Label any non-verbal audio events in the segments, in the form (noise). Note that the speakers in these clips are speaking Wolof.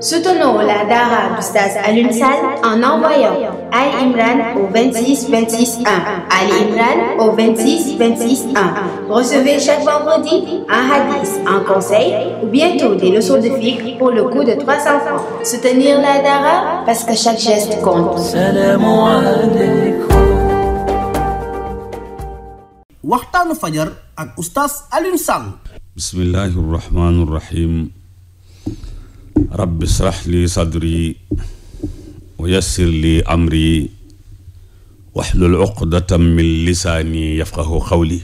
Soutenons la Dara d'Oustaz Alioune en envoyant Ali Imran au 26 Ali Imran au Recevez chaque vendredi un hadith, un conseil bientôt des leçons de fiqh pour le coût de 300 francs. Soutenir la Dara parce que chac geste compte. rabbi israh li sadri wa yassir li amri waxlul uqdatam min lisaani yafqahu xawli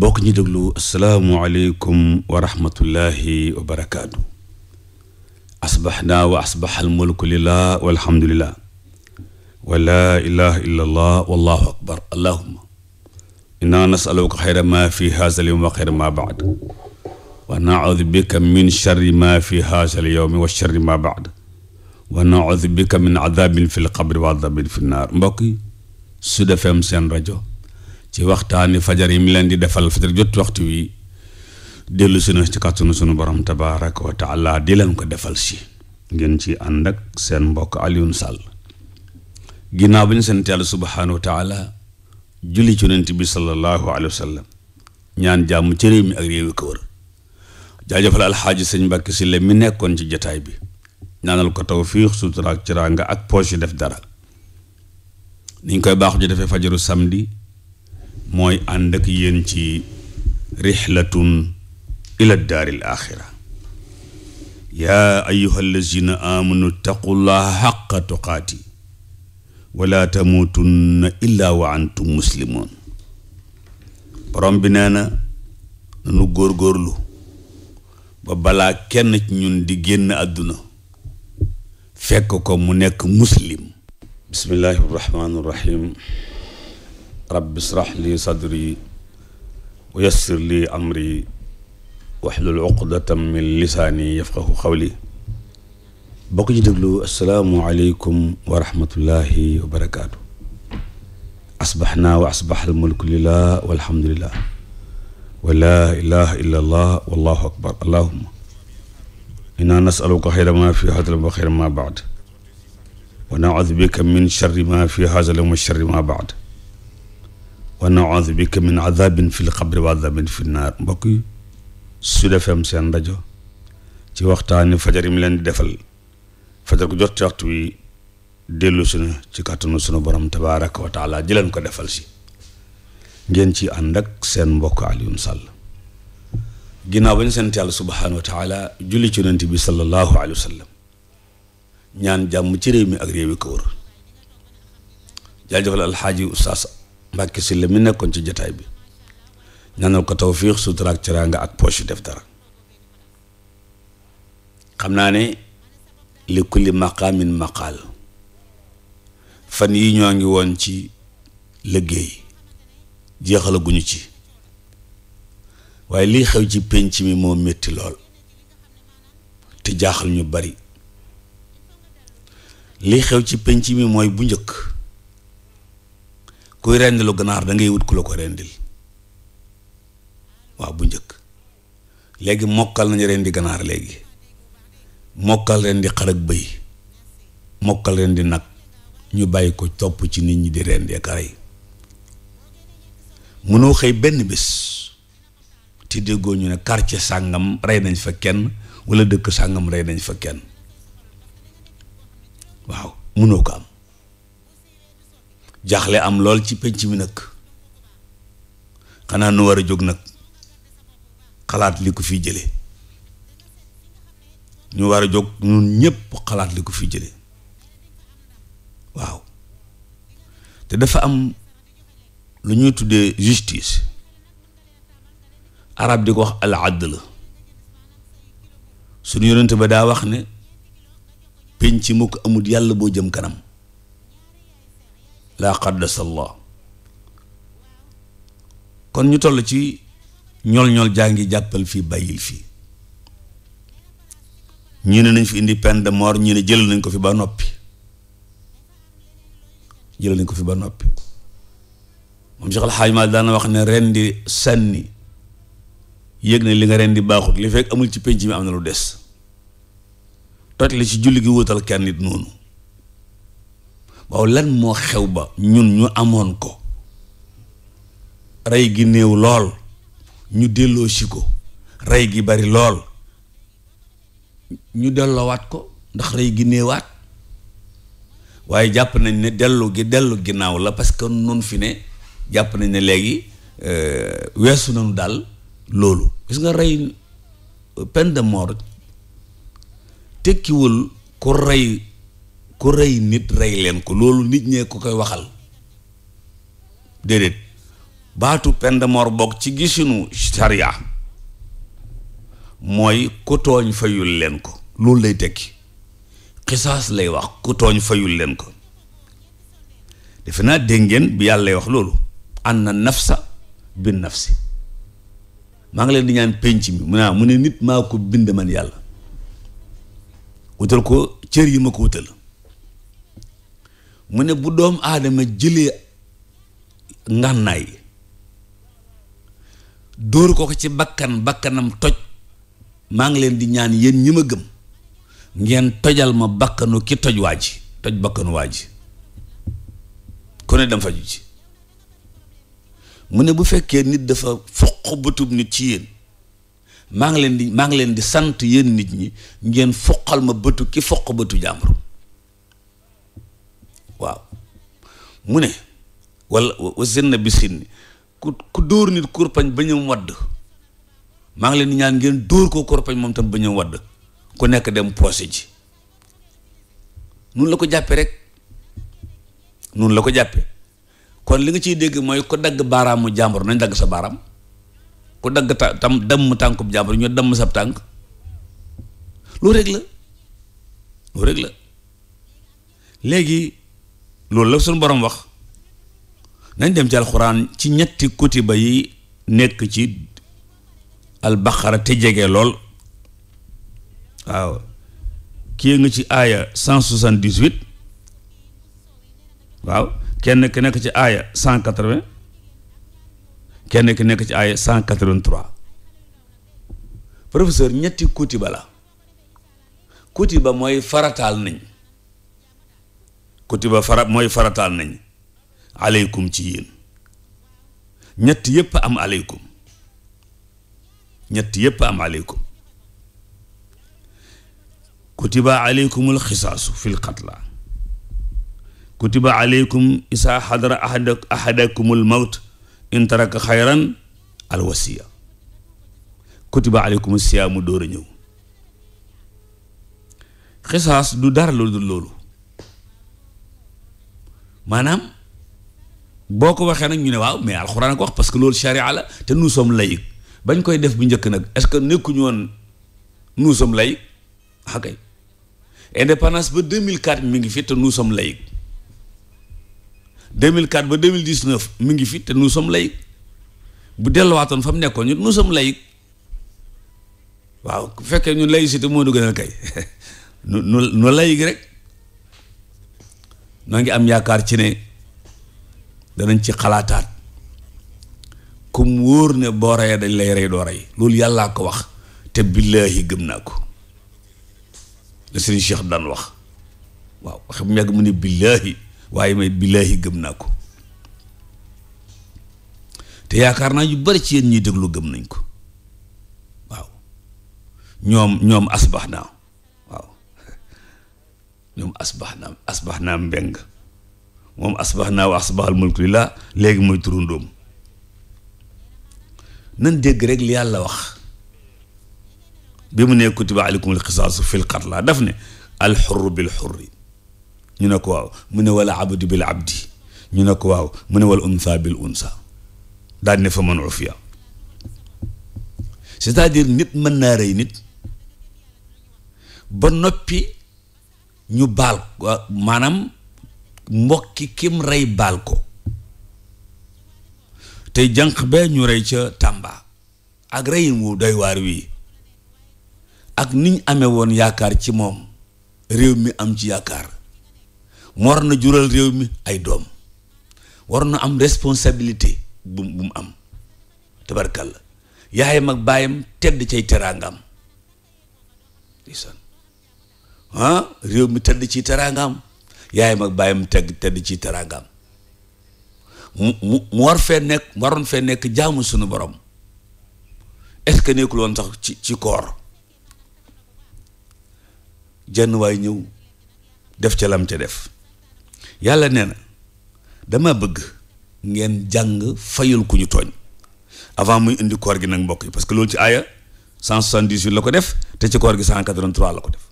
bokk ñi déglu asalaamualeykum wa rahmatullahi wa barakaatu asbaxnaa wa asbax almulku lillah walhamdulillah wa laa ilaha illa allah wallahu akbar allahuma inna nasaluka xayra ma fi haza al yawm wa xayra ma baad wa naudu bika min charri ma fi haasal yowmi min adabin fi lqabri mbokk yi Sud seen rajo ci waxtaani fajar yi mi leen di defal jot waxtu wi si na ci kàttanu sunu borom tabaraka wa taala di leen ko defal si ngeen ci ànd seen mbokk Alioune Sall ginnaaw bi ñu sant yàlla subhaanahu wa taala julli ci yonent bi sallallahu alayhi ñaan jàmm ci mi ak réew yi wër jaajëfal alxaaji sëñ Mbàkke si le mi nekkoon ci jataay bi ñaanal ko tawfiix sutura ak ciranga ak poche def dara niñ koy baaxu ji defee fajaru samedi mooy ànd ak yéen ci rixlatun ila daaril axira yaa ayuha allazina amanu taqullaha xaqa tuqaati wala tamuutunna illa wa antum muslimoon borom bi nee na nanu góorgóorlu ba balaa kenn ci ñun di génn àdduna fekk ko mu nekk muslim bismillahi irrahmani irrahim rabbi israh li sadri wa yassir li amri waxlul uqdatam min lisaani yafqahu xawli bokk ci déglu asalaamu aleykum wa rahmatullahi wa barakaatu asbaxnaa wa asbaxal mulku lillah walhamdulillah wala ilaha illa allah wallahu akbar allahuma inna nasaluka xayra ma fi hada wa xayra ma baad wa naudu bika min charri ma fi hada wa charri ma baad wa naudu bika min adabin fi lqabri wa adabin fi nnaar mbokk yi Sud FM seen rajo ci waxtaani fajar yi mu leen di defal fajar gu jot ci waxtu wi dellu sunu ci kàttanu sunu borom tabaraka wa taala jëleen ko defal si ngeen ci ànd ak seen mbokk Alioune Sall ginnaaw ba ñu sant yàlla subhaanahu wa taala julli ci yonent bi sallallahu alayhi wa sallam ñaan jàmm ci réew mi ak réew yi ko wër nekkoon ci jataay bi ñaanal ko tawfiix sutura ak teraanga ak poche def dara xam naa ne li kulli maqaamin maqaal fan yi ñoo ngi woon ci liggéey jeexalaguñu ci waaye lii xew ci pénc mi moo metti lool te jaaxal ñu bari lii xew ci pénc mi mooy bu njëkk kuy rendilu ganaar da ngay wut ku la ko rendil waaw bu njëkk léegi mokkal nañu rendi ganaar léegi mokkal rendi xar ak bëy mokkal rendi nag ñu bàyyi ko topp ci nit ñi di rendi ak rey munoo xëy benn bés ti déggoo ñu ne karce sàngam rey nañ fa kenn wala dëkk sàngam rey nañ fa waaw mënoo ko am jaxle am lool ci pénc mi nag xanaa nu war a jóg nag xalaat li ko fi jële ñu war a jóg ñun ñépp xalaat li ko fi jële waaw te dafa am lu ñuy tuddee justice arab di ko wax la adl suñu yonent ba daa wax ne penc mu mukk amul yàlla boo jëm kanam laa qaddasallah kon ñu toll ci ñool-ñool jaa ngi jàppal fii bàyyil fii ñu ne nañ fi indi peine de mort ñu ne jëlal nañ ko fi ba noppi jëlal nañ ko fi ba noppi moom Cheikh Al xaaj Malick daan wax ne ren di sànni yëg na li nga ren di baaxut li fekk amul ci penc mi am na lu des toj li ci julli gi wutal kenn it noonu waaw lan moo xew ba ñun ñu amoon ko rey gi néew lool ñu delloo si ko rey gi bari lool ñu delloowaat ko ndax rey gi néewaat waaye jàpp nañ ne dellu gi dellu ginnaaw la parce que nun fi ne jàpp nañ ne léegi euh, weesu nañu daal loolu gis nga rey euh, peine tekkiwul ku rey ku rey nit rey leen ko loolu nit ñee ko koy waxal déedéet baatu peine bokk ci gisinu charia mooy ku tooñ fayul leen ko loolu lay tekki xisaas lay wax ku tooñ fayul leen ko defe naa dégg ngeen bi yàlla lay wax loolu anna nafsa bin nafsi maa ngi leen di ñaan penc mi mu naa ah, mu ne nit maa ko bind man yàlla wutal ko cër yi ma ko wutal mu ne bu doom aadama jëlee ngànnaay dóor ko ko ci bakkan bakkanam toj maa ngi leen di ñaan yéen ñi ma gëm ngeen tojal ma bakkanu ki toj waa ji toj bakkanu waa ji ku ne dem ci mu ne bu fekkee nit dafa foq bëtub nit ci yéen maa ngi leen di maa ngi leen di sant yéen nit ñi ngeen foqal ma bëtu ki foq bëtu jàmbur waaw mu ne wala wasenna bi sinni ku ku dóor nit kurpañ ba wadd maa ngi leen di ñaan ngeen dóor ko kurpañ moom tam ba wadd ku nekk dem poose ji nun la ko jàppe rek nun la ko jàppe kon li nga ciy dégg mooy ku dagg baaraamu jàmbur nañ dagg sa baaraam ku dagg ta tam damm tànkub jàmbur ñu damm sab tànk lu rek la lu rek la léegi loolu la suñu borom wax nañ dem ci alxuraan ci ñetti kutiba yi nekk ci albaqara te jege lool waaw ki kii nga ci aaya cent soixante-dix-huit waaw kenn ki nekk ci aaya cent quatre-vingt kenn ki nekk ci aaya cent quatre-vingt-trois professeur ñetti kutiba la ba mooy farataal nañ kutiba fara mooy farataal nañ aleykum ci yéen ñett yépp am aleykum ñett yépp am aleykum kutiba aleykumul xisaasu fil qatla kutiba aleykum isaa xadara ahada ahadakumul mawt in xayran al kutiba aleykum siyaamu dóor a ñëw xisaas du dara lu dul loolu maanaam boo ko waxee nag ñu ne waaw mais alxuraan ko wax parce que loolu charia la te nous sommes bañ koy def bu njëkk nag est-ce que nekkuñu woon nous sommes laïcs akay ah, indépendance ba 2004 mi ngi fi te nous 2004 ba 2019 mu ngi fi te nous sommes laïcs bu delluwaatoon fa mu nekkoon ñun nous sommes laïcs waaw bu fekkee ñun laïcité moo ñu gënal kay (laughs) nu nu nu rek noo ngi am yaakaar ci ne danañ ci xalaataat comme wóor ne boo reyee dañ lay rey doo rey loolu yàllaa ko wax te billaahi gëm naa ko la sëriñ Cheikh daan wax waaw xam yàgg mu ne billaahi waaye may billaahi gëm naa ko te yaakaar naa yu bari ci yéen ñuy déglu gëm nañ ko waaw ñoom ñoom asbax naa waaw (laughs) ñoom asbax naa asbax naa mbeng moom asbax naa wa asbaxal mulku lillah léegi mooy turundoom nan dégg rek li yàlla wax bi mu ne kutiba aleykumul xisaasu fil qatla daf ne al xurru bil xurri ñu ne ko waaw mu ne wala abdu bil abdi ñu ne ko waaw mu ne wal unsa bil unsa daal ne fa man ufiya c'est-à-dire nit mën naa rey nit ba noppi ñu baal maanaam mbokki kim rey baal ko tey jànq bee ñu rey ca Tàmba ak reyin wu doy waar wii ak niñ amee woon yaakaar ci moom réew mi am ci yaakaar war na jural réew mi ay doom war na am responsabilité bu bu mu am la yaayam ak baayam tedd cay teraangaam ndeysaan ah réew mi tedd ci teraangam yaayam ak baayam teg tedd ci teraangaam mu mu war fee nekk waroon fee nekk jaamu sunu borom est-ce que nekkul sax ci ci koor jenn waay ñëw def ca lam ca def yàlla nee na dama bëgg ngeen jàng fayul ku ñu tooñ avant muy indi koor gi nag mbokk yi parce que loolu ci aaya 178 la ko def te ci koor gi 183 la ko def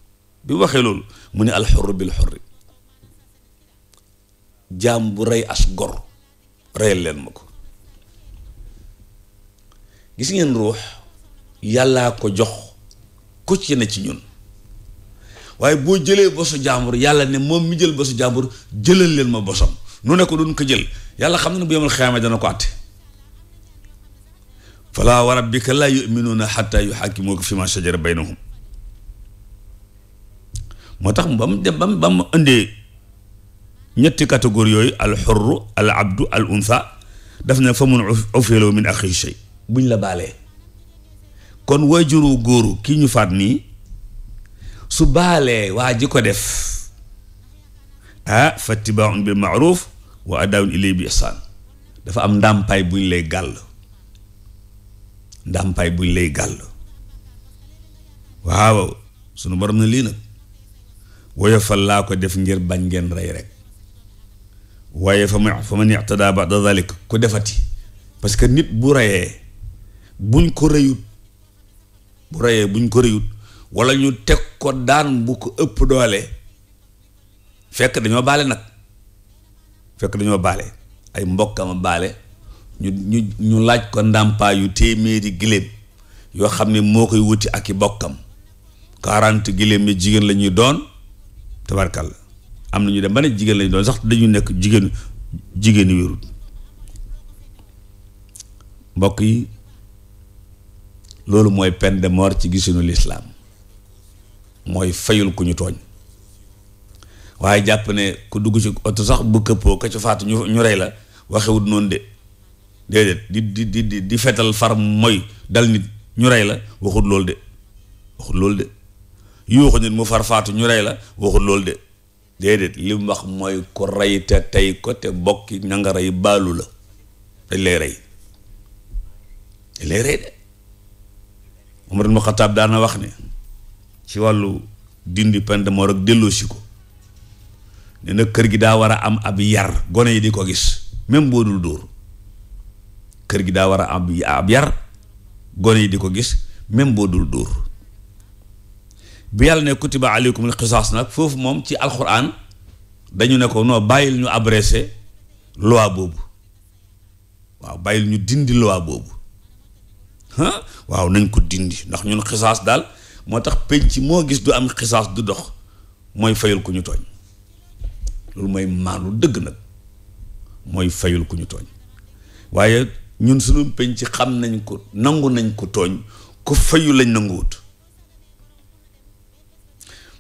bi waxee loolu mu ne alxurru bil xurri jaam bu rey as gor reyal leen ma ko gis ngeen ruux yàllaa ko jox ku ci ne ci ñun waaye boo jëlee bosu jàmbur yàlla ne moom mu jël bosu jàmbur jëlal leen ma bosam nu ne ko doon ko jël yàlla xam na ne bu yemal xiyaama dana ko àtte falaa wa rabbika laa yuminuuna xatta yuxaakimuuka fi ma shajara baynahum moo tax ba dem ba mu indee ñetti catégorie yooyu al xurru al abdu al unsa daf ne fa mun ufiloo min axi shay buñ la baalee kon waajuru góoru kii ñu faat nii su baalee waa ji ko def ah fattibaaun bil maaruf wa adawun ilay bi ihsaan dafa am ndàmpaay bu ñu lay gàll ndàmpaay bu ñu lay gàll waaw sunu borom na lii nag woyofal laa ko def ngir bañ ngeen rey rek waaye fa ma fa man ictadaa bada dalik ku defati parce que nit bu reyee buñ ko reyut bu reyee buñ ko reyut wala ñu teg ko daan bu ko ëpp doole fekk dañoo baale nag fekk dañoo baale ay mbokkam baale ñu ñu ñu laaj ko ndàmpaa yu téeméeri giléem yoo xam ne moo koy wuti ak i bokkam quarante giléem yi jigéen la ñuy doon tabarkalla am na ñu dem ba ne jigéen la ñuy doon sax dañu nekk jigéen jigéen wérut mbokk yi loolu mooy peine de mort ci gisunu lislaam mooy fayul ku ñu tooñ waaye jàpp ne ku dugg ci oto sax bu këppoo ka ci faatu ñu ñu rey la waxewut noonu de déedéet di di di di di fetal far mooy dal nit ñu rey la waxut lool de waxut loolu de yuuxu nit mu far faatu ñu rey la waxut loolu de déedéet li wax mooy ko rey te tey ko te bokki na nga baalu la dañ lay rey dañ lay rey de Umar ibn Xattaab daana wax ne ci wàllu dindi peine de ak delloosi ko ne na kër gi daa war a am ab yar gone yi di ko gis même boo dul kër gi daa war a am ab yar gone yi di ko gis même boo dul dóor bi yàlla ne kutiba aleykumul xisaas nag foofu moom ci alxuraan dañu ne ko non bàyyil ñu abrese loi boobu waaw bàyyil ñu dindi loi boobu waaw nañ ko dindi ndax ñun xisaas daal moo tax penc moo gis du am xisaas du dox mooy fayul ku ñu tooñ loolu mooy maandu dëgg nag mooy fayul ku ñu tooñ waaye ñun sunu penc xam nañ ko nangu nañ ko tooñ ku fayu lañ nanguwut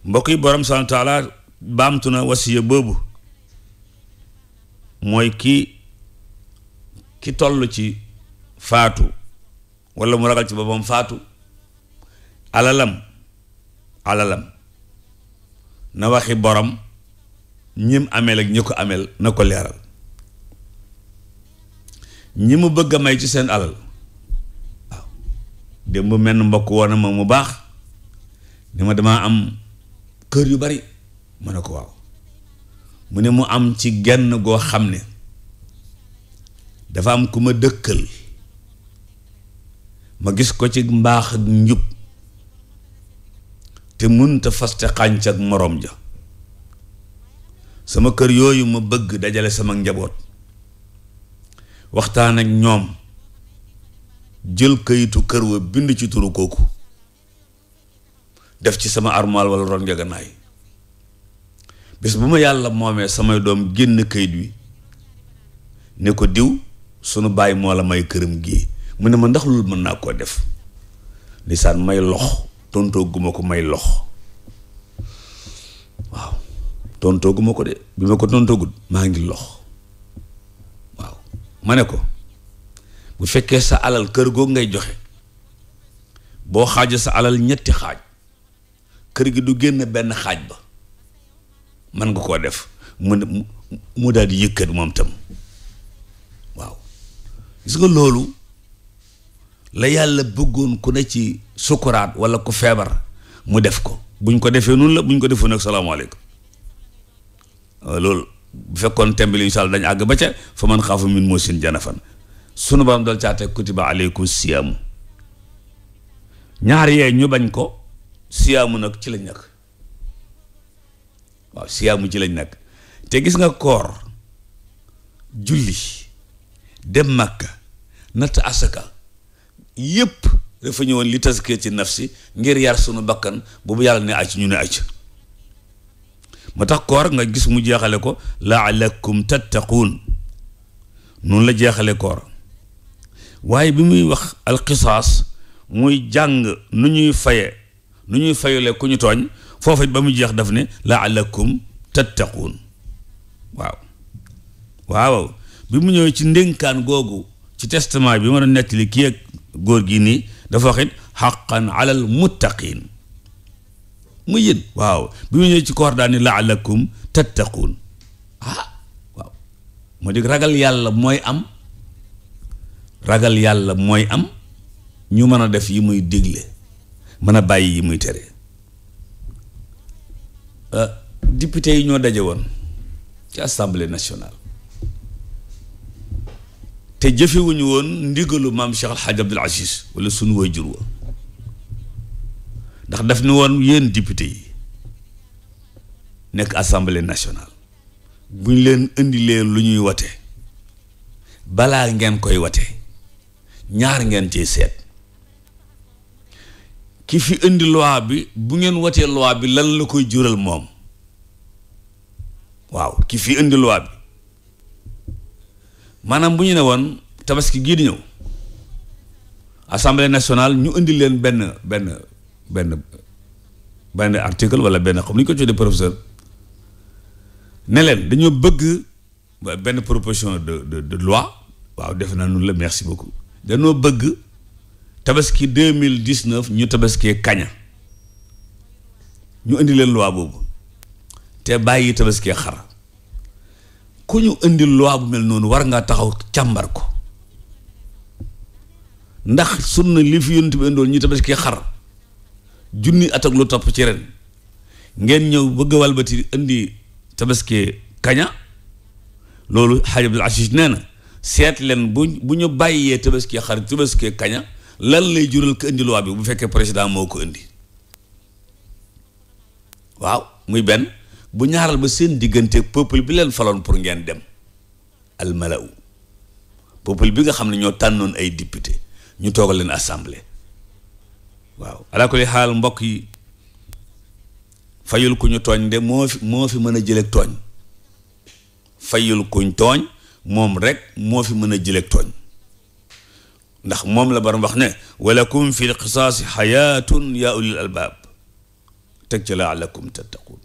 mbokk yi borom subhaana taala baamtu na wasiya boobu mooy ki ki toll ci faatu walla mu ragal ci boppam faatu alalam alalam na waxi borom ñim ameel ak ñi ko ameel na ko leeral ñi mu bëgg a may ci seen alal waaw démb menn mbokk woon ma mu baax ni ma damaa am kër yu bari ma ne ko waaw mu ne mu am ci genn goo xam ne dafa am ku ma dëkkal ma gis ko ci mbaax ak njub te munta faste xànc ak moroom ja sama kër yooyu ma bëgg dajale sama njaboot waxtaan ak ñoom jël këyitu kër wa bind ci turu kooku def ci sama armoire wala ron njaganaay bis bu ma yàlla moomee samay doom génn kayit wi ne ko diw sunu bàyyi moo la may këram gii mu ne ma ndax loolu mën naa koo def lisaan may lox tontoo guma ko may lox waaw tontoo guma ko de bi ma ko tontoogul maa ngi lox waaw ma ne ko bu fekkee sa alal kër googu ngay joxe boo xaaja sa alal ñetti xaaj kër gi du génn benn xaaj ba man nga koo def mu mu daal di yëkkat moom tam waaw gis nga loolu la yàlla bëggoon ku ne ci sukuraat wala ku feebar mu def ko buñ ko defee noonu la buñ ko defee nag salaamaaleykum loolu bu fekkoon temb li dañ àgg ba ca fa man xaafu min moo sin janafan sunu baam dal caate kutiba aleykum siyaamu ñaar yee ñu bañ ko siyaamu nag ci lañ nag waaw siyaamu ci lañ nag te gis nga koor julli dem màkka natt asaka yëpp dafa ñëwoon li taskee ci nafsi ngir yar sunu bakkan boobu yàlla ne acc ñu ne acc ma tax koor nga gis mu jeexale ko laalakum tattaquun noonu la jeexale koor waaye bi muy wax alxisaas muy jàng nu ñuy faye nu ñuy fayule ku ñu tooñ foofa ba mu jeex daf ne laalakum tattaquun waaw waaw bi mu ñëwee ci ndénkaan googu ci testament bi ma doon nettali kii ak góor gi nii dafa waxit xaqan alal muttaqin mu yéen waaw bi mu ñëwee ci koor daal ni laalakum tattaquun ah waaw moo di ragal yàlla mooy am ragal yàlla mooy am ñu mën a def yi muy digle mën a bàyyi yi muy tere euh, député yi ñoo daje woon ci assemblée national te jëfewuñu woon ndigalu maam Cheikh Al Hadj Abdoul Aziz wala sunu waajur wa ndax daf ni woon yéen député yi nekk assemblée nationale bu ñu leen indilee lu ñuy wate balaa ngeen koy wate ñaar ngeen cee seet ki fi indi loi bi bu ngeen watee loi bi lan la koy jural moom waaw ki fi indi loi bi maanaam bu ñu ne woon tabaski gii di ñëw assemblée nationale ñu indi leen benn benn benn benn article wala benn xam ni ñu ko tuddee professeur ne leen dañoo bëgg benn proposition de de de loi waaw defe na nun la merci beaucoup dañoo bëgg tabaski deux mille dix neuf ñu tabaskee kaña ñu indi leen loi boobu te bàyyi tabaskee xar. ku ñu indil loi bu mel noonu war ngaa taxaw càmbar ko ndax sunna li fi yonent bi ñu tabaski xar junni at lu topp ci ren ngeen ñëw bëgg a walbati indi tabaski kaña loolu xaaj Abdul Asiis nee na seet leen bu bu ñu bàyyee tabaski xar tabaski kaña lan lay jural ko indi loi bi bu fekkee président moo ko indi waaw muy benn bu ñaaral ba seen diggante peuple bi leen faloon pour ngeen dem almalaw peuple bi nga xam ne ñoo tànnoon ay député ñu toog leen assemblée waaw alaa kulli mbokk yi fayul ku ñu tooñ de moo fi moo fi mën a jëleeg tooñ fayul kuñ tooñ moom rek moo fi mën a jëleeg tooñ ndax moom la baram wax ne walakum fi l qisaasi xayaatun yaa ulil albaab teg ci laalakum tattaquun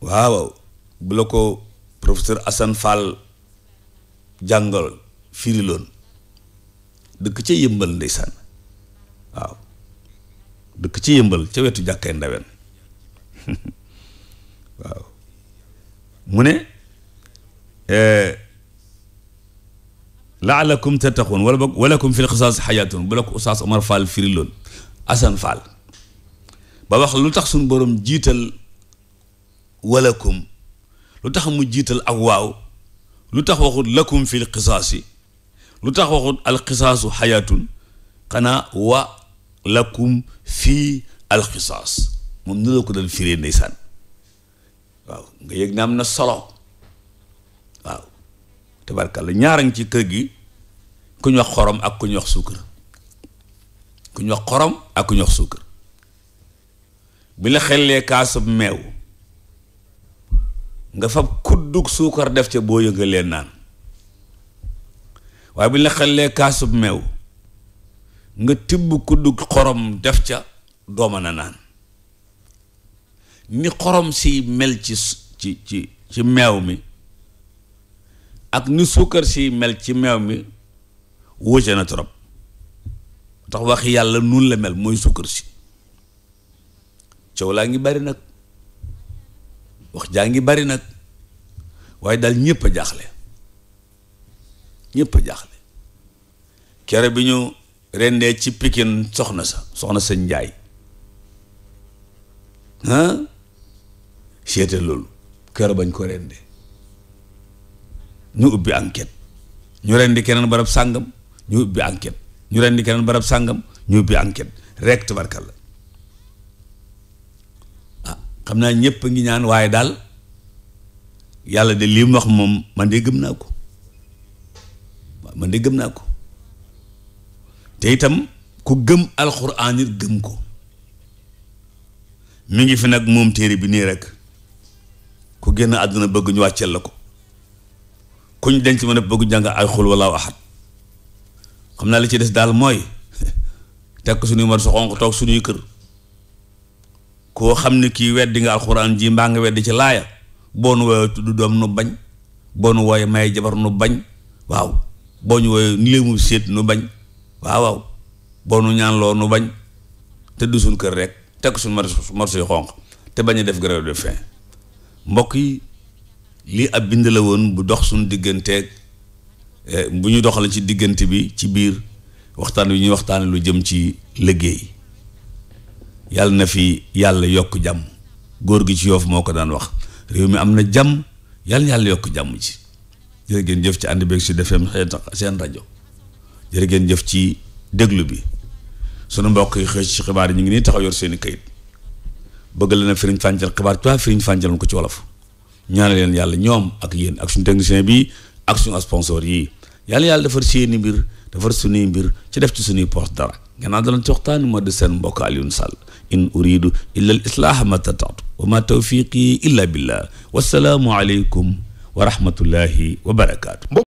waaw bu la ko professeur Assane Fall jàngal firiloon dëkk ci yëmbal ndeysaan waaw dëkk ca yëmbal ca wetu jàkkay ndawen (laughs) waaw mu ne eh, laalakum tattaqun wala boog walakum fil xisaas xayaatun bu la ko Oustaz Omar Fall ba wax lu tax suñu borom jiital walakum lu tax mu jiital ak waaw lu tax waxut lakum fil qisaasi lu tax waxut alqisaasu xayaatun xanaa wa lakum fii alqisaas moom ni la ko doon firee ndeysaan waaw nga yëg na am na solo waaw tabarkalla ñaara ngi ci kër gi ku ñu wax xorom ak ku wax suukar ku ñu wax xorom ak ku ñu bi la xellee kaasam meew nga fab kuddu suukar def ca boo yënga leen naan waaye bu ñu la xellee meew nga tibb kuddu xorom def ca doo mën a naan ni xorom si mel ci ci ci ci meew mi ak ni suukar si mel ci meew mi wuute na trop tax wax yàlla nun la mel mooy suukar si coow laa ngi bari nag wax jaa ngi bari nag waaye daal ñëpp a jaaxle ñëpp a jaaxle kere bi ñu rendee ci Pikine soxna sa soxna sa njaay ah seete loolu kër bañ ko rendee ñu ubbi enquête ñu rendi keneen barab sàngam ñu ubbi enquête ñu rendi keneen barab sàngam ñu ubbi enquête rek la xam naa ñëpp a ngi ñaan waaye daal yàlla de lii wax moom man de gëm naa ko man de gëm naa ko te itam ku gëm alxuraan it gëm ko mu ngi fi nag moom téere bi nii rek ku génn àdduna bëgg ñu wàcceel la ko ku ñu denc mën a bëgg jàng ay xul wala waxat xam naa li ci des daal mooy (laughs) teg suñuy mar su xonq toog suñuy kër koo xam ne kii weddi nga alxuraan ji mbaa nga weddi ci laaya boo nu woowee tudd doom nu bañ boo nu woowee may jabar nu bañ waaw boo ñu woowee léemu séet nu bañ waaw waaw nu ñaanloo nu bañ te du suñ kër rek teg suñ marché yu xonq te bañ a def grève de faim mbokk yi lii ab bind la woon bu dox suñ digganteeg eh, bu ñu doxal ci diggante bi ci biir waxtaan wi ñuy waxtaan lu jëm ci liggéey yàlla na fi yàlla yokk jàmm góor gi ci yoof moo ko daan wax réew mi am na jàmm yàlla yàlla yokk jàmm ci jërë ngeen jëf ci ànd beeg Sud FM seen rajo jërë ngeen jëf ci déglu bi sunu mbokk yi xëy ci yi ñu ngi nii taxaw yor seeni kayit bëgg leen a firiñ fàncal xibaar tuuti firiñ fàncal ko ci wolof ñaane leen yàlla ñoom ak yéen ak suñu technicien bi ak suñu sponsor yi yàlla yàlla defar seeni mbir defar suñuy mbir ci def ci sunuy poste dara gannaaw dalañ ci waxtaani moo de seen mbokk Alioune Sall in uridu illa al islaaha ma tataatu wa ma tawfiqi illa billah wassalaamu aleykum wa rahmatullahi wa barakaatu